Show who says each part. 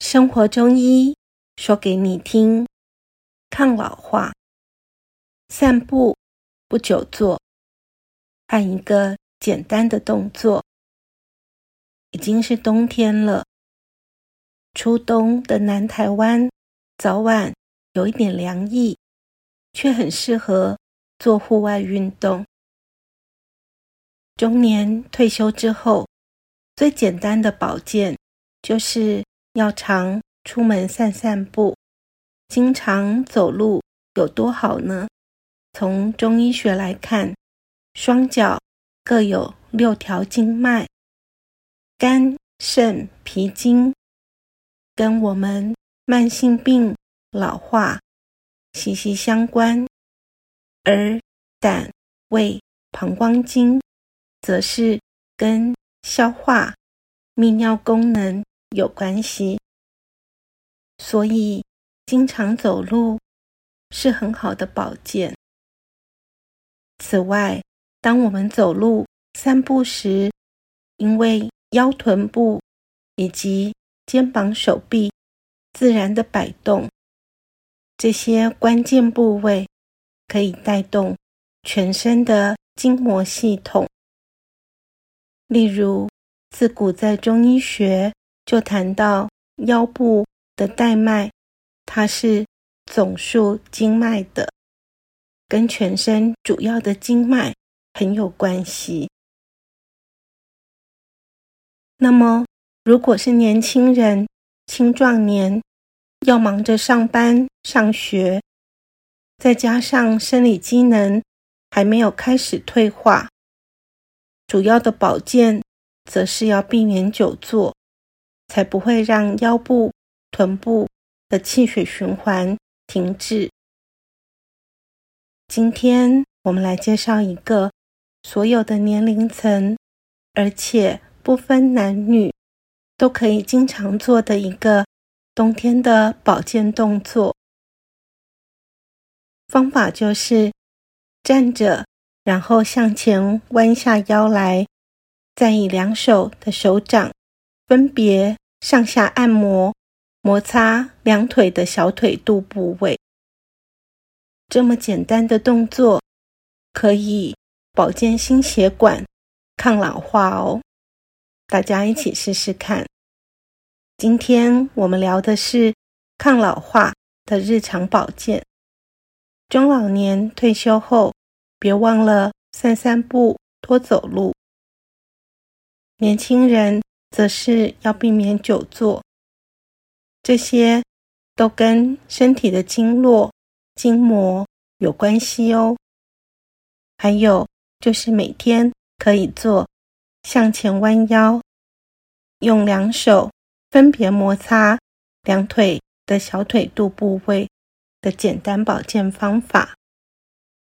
Speaker 1: 生活中醫說給你聽：抗老化，散步，不久坐，按一個簡單的動作。已經是冬天了，初冬的南台灣，早晚有一點涼意，卻很適合做戶外運動。中年退休之後，最簡單的保健就是。要常出門散散步，經常走路有多好呢？從中醫學來看，雙腳各有六條經脈，肝、腎、脾經跟我們慢性病、老化息息相關，而膽、胃、膀胱經則是跟消化、泌尿功能。有關係，所以經常走路是很好的保健。此外，當我們走路散步時，因為腰臀部以及肩膀、手臂自然的擺動，這些關鍵部位可以帶動全身的筋膜系統。例如，自古在中醫學。就談到腰部的帶脈，它是總束經脈的，跟全身主要的經脈很有關係。那麼，如果是年輕人、青壯年，要忙着上班、上學，再加上生理機能還沒有開始退化，主要的保健，則是要避免久坐。才不會讓腰部、臀部的氣血循環停滯。今天我們來介紹一個所有的年齡層，而且不分男女都可以經常做的一個冬天的保健動作。方法就是站着，然後向前彎下腰來，再以兩手的手掌。分別上下按摩、摩擦兩腿的小腿肚部位，這麼簡單的動作可以保健心血管、抗老化哦！大家一起試試看。今天我們聊的是抗老化的日常保健，中老年退休後別忘了散散步、多走路，年輕人。則是要避免久坐，這些都跟身體的經絡、筋膜有關係哦。還有就是每天可以做向前彎腰，用兩手分別摩擦兩腿的小腿肚部位的簡單保健方法。